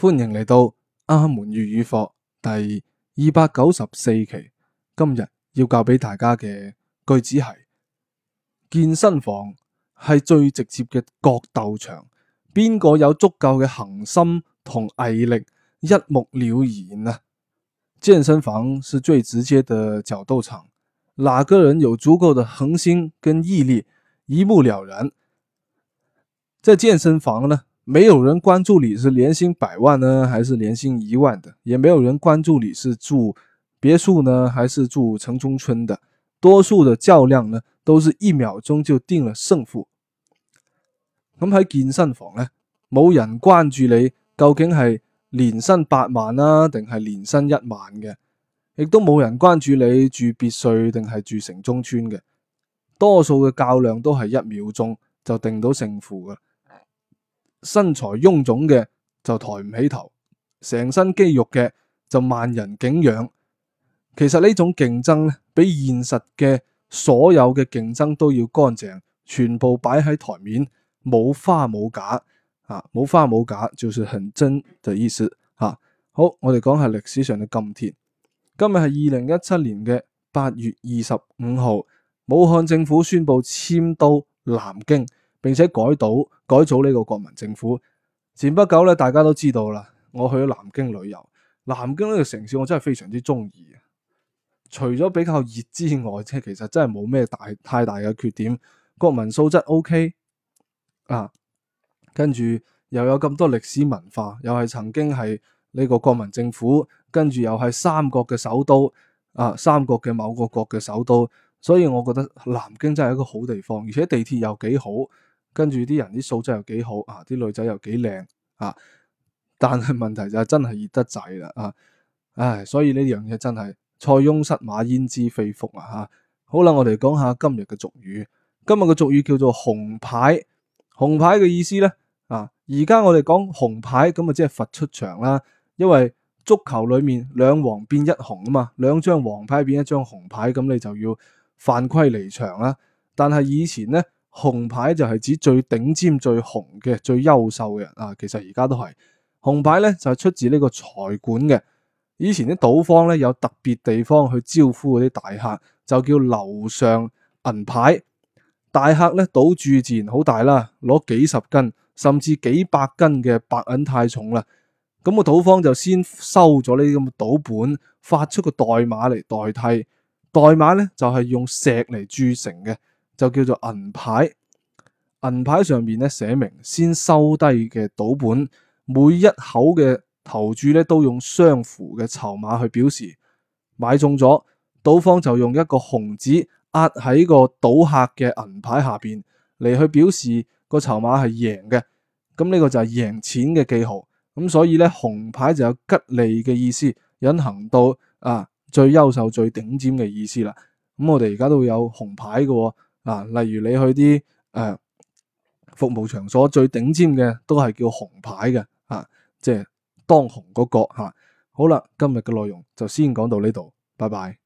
歡迎嚟到阿門粵語課第二百九十四期。今日要教俾大家嘅句子係：健身房係最直接嘅角鬥場，邊個有足夠嘅恒心同毅力，一目了然啊！健身房是最直接的角鬥場，場，哪個人有足夠的恒心跟毅力，一目了然。即係健身房呢？沒有人關注你是年薪百萬呢，還是年薪一萬的，也沒有人關注你是住別墅呢，還是住城中村的。多數的較量呢，都是一秒鐘就定了勝負。咁喺健身房呢，冇人關注你究竟係年薪百萬啦、啊，定係年薪一萬嘅，亦都冇人關注你住別墅定係住城中村嘅。多數嘅較量都係一秒鐘就定到勝負嘅。身材臃腫嘅就抬唔起頭，成身肌肉嘅就萬人景仰。其實呢種競爭咧，比現實嘅所有嘅競爭都要乾淨，全部擺喺台面，冇花冇假啊！冇花冇假就是很真嘅意思吓、啊。好，我哋講下歷史上嘅今天。今日係二零一七年嘅八月二十五號，武漢政府宣布遷都南京。並且改倒改造呢個國民政府。前不久咧，大家都知道啦，我去咗南京旅遊。南京呢個城市我真係非常之中意，除咗比較熱之外，即其實真係冇咩大太大嘅缺點。國民素質 OK 啊，跟住，又有咁多歷史文化，又係曾經係呢個國民政府，跟住又係三國嘅首都啊，三國嘅某個國嘅首都。所以我覺得南京真係一個好地方，而且地鐵又幾好。跟住啲人啲素質又幾好啊，啲女仔又幾靚啊，但係問題就係真係熱得滯啦啊！唉，所以呢樣嘢真係塞翁失馬，焉知非福啊！嚇，好啦，我哋講下今日嘅俗語。今日嘅俗語叫做紅牌。紅牌嘅意思咧啊，而家我哋講紅牌咁啊，即係罰出場啦。因為足球裏面兩黃變一紅啊嘛，兩張黃牌變一張紅牌，咁你就要犯規離場啦。但係以前咧，紅牌就係指最頂尖、最紅嘅、最優秀嘅人啊！其實而家都係紅牌咧，就係、是、出自呢個財管嘅。以前啲賭坊咧，有特別地方去招呼嗰啲大客，就叫樓上銀牌。大客咧，賭注自然好大啦，攞幾十斤甚至幾百斤嘅白銀太重啦，咁、那個賭方就先收咗呢啲咁嘅賭本，發出個代碼嚟代替。代碼咧，就係、是、用石嚟鑄成嘅。就叫做銀牌，銀牌上面咧寫明先收低嘅賭本，每一口嘅投注咧都用相符嘅籌碼去表示，買中咗賭方就用一個紅紙壓喺個賭客嘅銀牌下邊嚟去表示個籌碼係贏嘅，咁呢個就係贏錢嘅記號，咁所以咧紅牌就有吉利嘅意思，引申到啊最優秀最頂尖嘅意思啦，咁我哋而家都有紅牌嘅、哦。嗱，例如你去啲誒、呃、服務場所最頂尖嘅，都係叫紅牌嘅，啊，即係當紅嗰個吓。好啦，今日嘅內容就先講到呢度，拜拜。